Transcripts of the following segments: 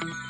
Thank you.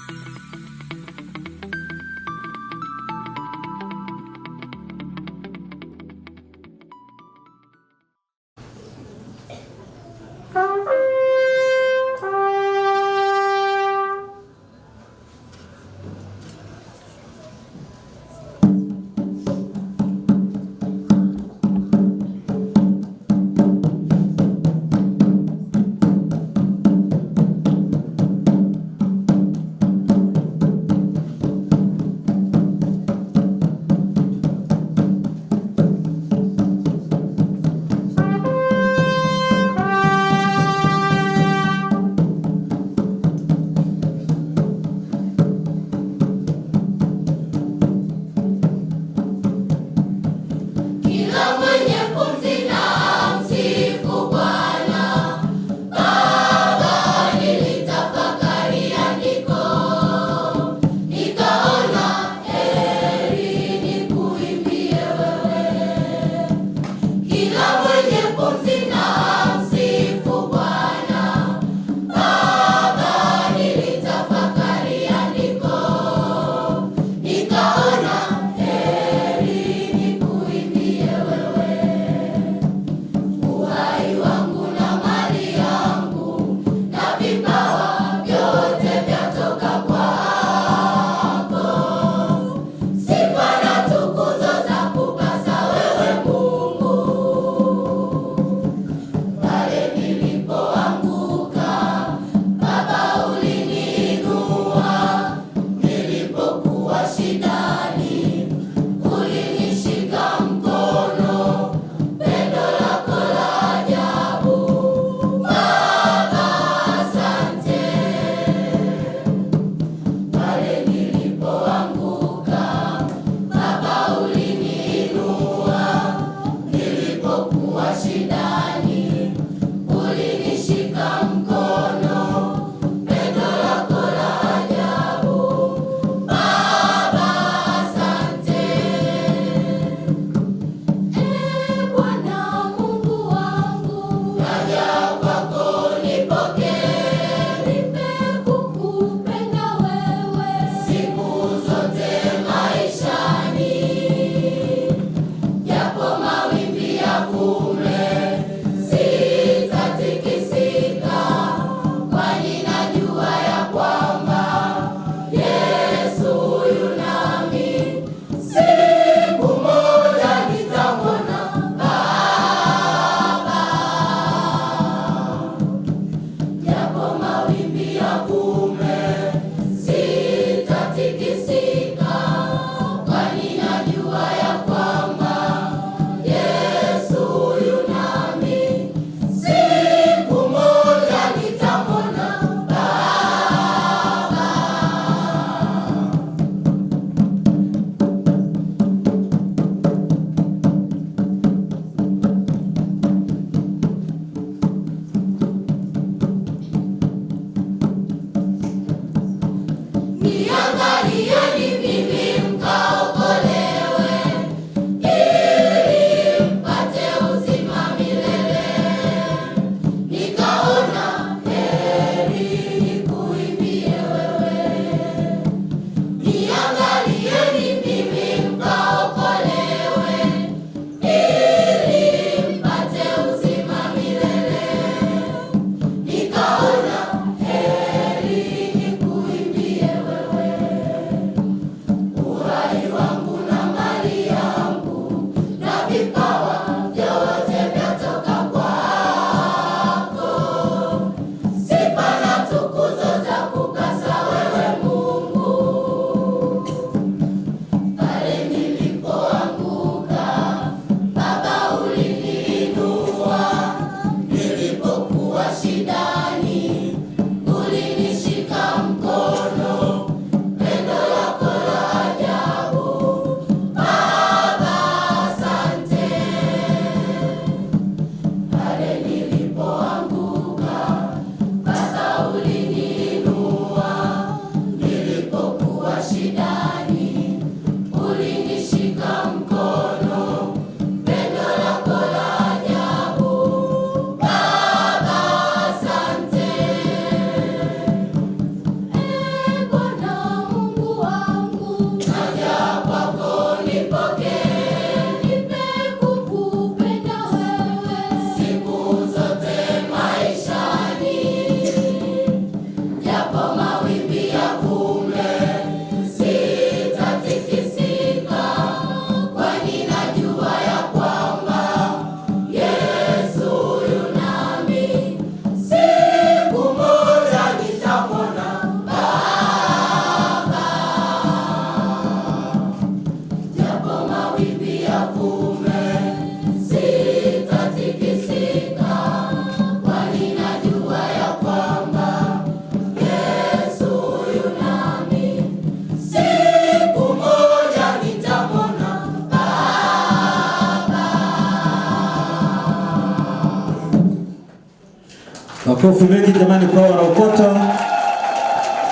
Makofi mengi jamani kwa wanaokota,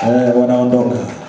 eh, wanaondoka.